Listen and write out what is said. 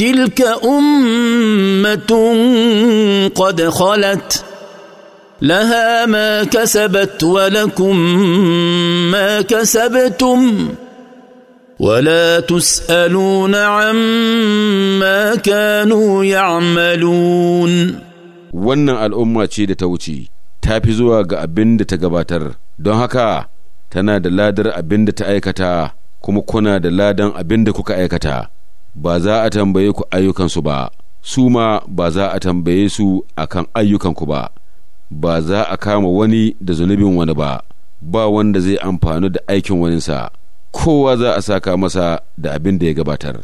تلك امه قد خلت لها ما كسبت ولكم ما كسبتم ولا تسالون عما كانوا يعملون wannan al'umma ce da ta wuce ta fi zuwa ga abin da ta gabatar don haka tana da ladar abin da ta aikata kuma kuna da ladan abin da kuka aikata ba za a tambaye ku ayyukansu ba su ma ba za a tambaye su a kan ayyukanku ba ba za a kama wani da zunubin wani ba ba wanda zai amfanu da aikin waninsa kowa za a saka masa da abin da ya gabatar